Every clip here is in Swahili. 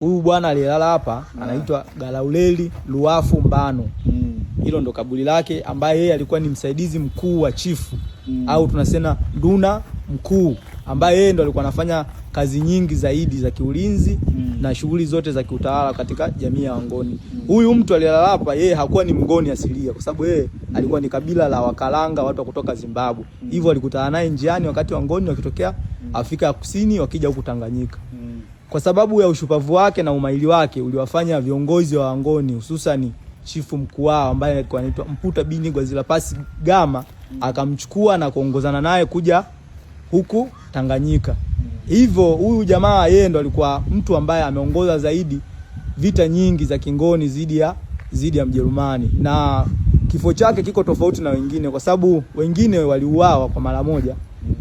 Huyu bwana aliyelala hapa ah. anaitwa Galauleli Luafu Mbano. Hmm. Hilo ndo kaburi lake, ambaye yeye alikuwa ni msaidizi mkuu wa chifu mm. au tunasema duna mkuu, ambaye yeye ndo alikuwa anafanya kazi nyingi zaidi za kiulinzi mm. na shughuli zote za kiutawala katika jamii ya Wangoni. Hmm. Huyu mm. mtu aliyelala hapa, yeye hakuwa ni mgoni asilia, kwa sababu yeye hmm. alikuwa ni kabila la Wakalanga, watu wa kutoka Zimbabwe. Hivyo mm. alikutana naye njiani wakati Wangoni wakitokea Afrika ya Kusini wakija huku Tanganyika mm. Kwa sababu ya ushupavu wake na umaili wake uliwafanya viongozi wa Wangoni hususani chifu mkuu wao ambaye alikuwa anaitwa Mputa bini Pasi Gama akamchukua na kuongozana naye kuja huku Tanganyika. Hivyo huyu jamaa yeye ndo alikuwa mtu ambaye ameongoza zaidi vita nyingi za Kingoni zidi ya zidi ya Mjerumani, na kifo chake kiko tofauti na wengine, kwa sababu wengine waliuawa kwa mara moja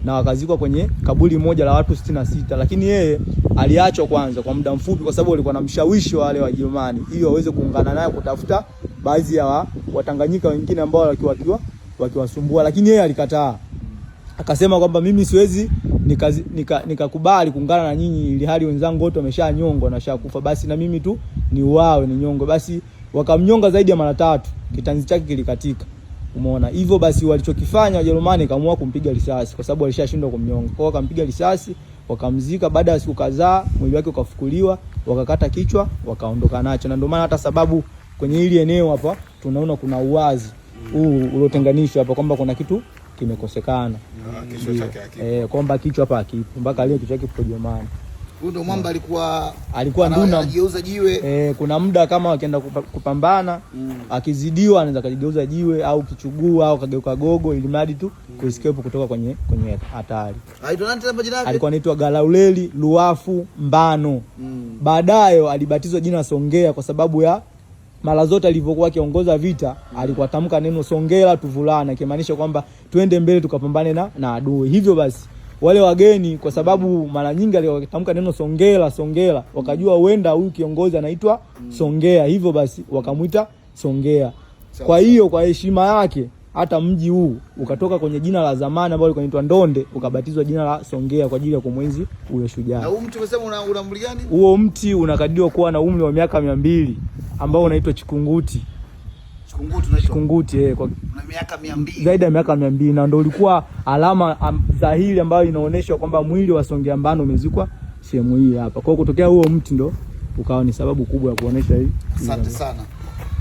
na wakazikwa kwenye kaburi moja la watu sitini na sita, lakini yeye aliachwa kwanza kwa muda mfupi, kwa sababu alikuwa na mshawishi wa wale Wajerumani ili waweze kuungana naye kutafuta baadhi ya Watanganyika wengine ambao wakiwa wakiwasumbua, lakini yeye alikataa, akasema kwamba mimi siwezi nikakubali nika, nika kuungana na nyinyi ili hali wenzangu wote wameshanyongwa na shakufa, basi na mimi tu ni ni nyongwe Basi wakamnyonga zaidi ya mara tatu, kitanzi chake kilikatika. Umeona? Hivyo basi walichokifanya Wajerumani kamua kumpiga risasi kwa sababu walishashindwa kumnyonga. kwao, hiyo wakampiga risasi, wakamzika baada ya siku kadhaa, mwili wake ukafukuliwa, wakakata kichwa, wakaondoka nacho. Na ndio maana hata sababu kwenye hili eneo hapa tunaona kuna uwazi huu uliotenganishwa hapa kwamba kuna kitu kimekosekana. Ah, kichwa Eh, kwamba kichwa hapa hakipo. Mpaka leo kichwa kipo Jerumani. Huyu ndo mwamba alikuwa alikuwa nduna anajigeuza jiwe. Eh, kuna muda kama akienda kupambana mm. akizidiwa anaweza kajigeuza jiwe au kichugua au kageuka gogo ili mradi tu mm. kuescape kutoka kwenye kwenye hatari. Alikuwa anaitwa Galauleli Luafu Mbano mm. baadaye alibatizwa jina Songea kwa sababu ya mara zote alivyokuwa akiongoza vita mm. alikuwa tamka neno Songela tuvulana, ikimaanisha kwamba twende mbele tukapambane na, na adui. Hivyo basi wale wageni, kwa sababu mara nyingi aliwatamka neno Songela, Songela, wakajua huenda huyu kiongozi anaitwa Songea, hivyo basi wakamwita Songea. Kwa hiyo kwa heshima yake hata mji huu ukatoka kwenye jina la zamani ambalo lilikuwa linaitwa Ndonde ukabatizwa jina la Songea kwa ajili ya kumwenzi huyo shujaa. Na umesema una, gani? Huo mti unakadiriwa kuwa na umri wa miaka mia mbili ambao unaitwa Chikunguti. Shikunguti eh, kwa zaidi ya miaka mia mbili na ndio ulikuwa alama dhahiri ambayo inaonyesha kwamba mwili wa Songea Mbano umezikwa sehemu hii hapa. Kwa hiyo kutokea huo mti ndo ukawa ni sababu kubwa ya kuonesha hii. Asante sana.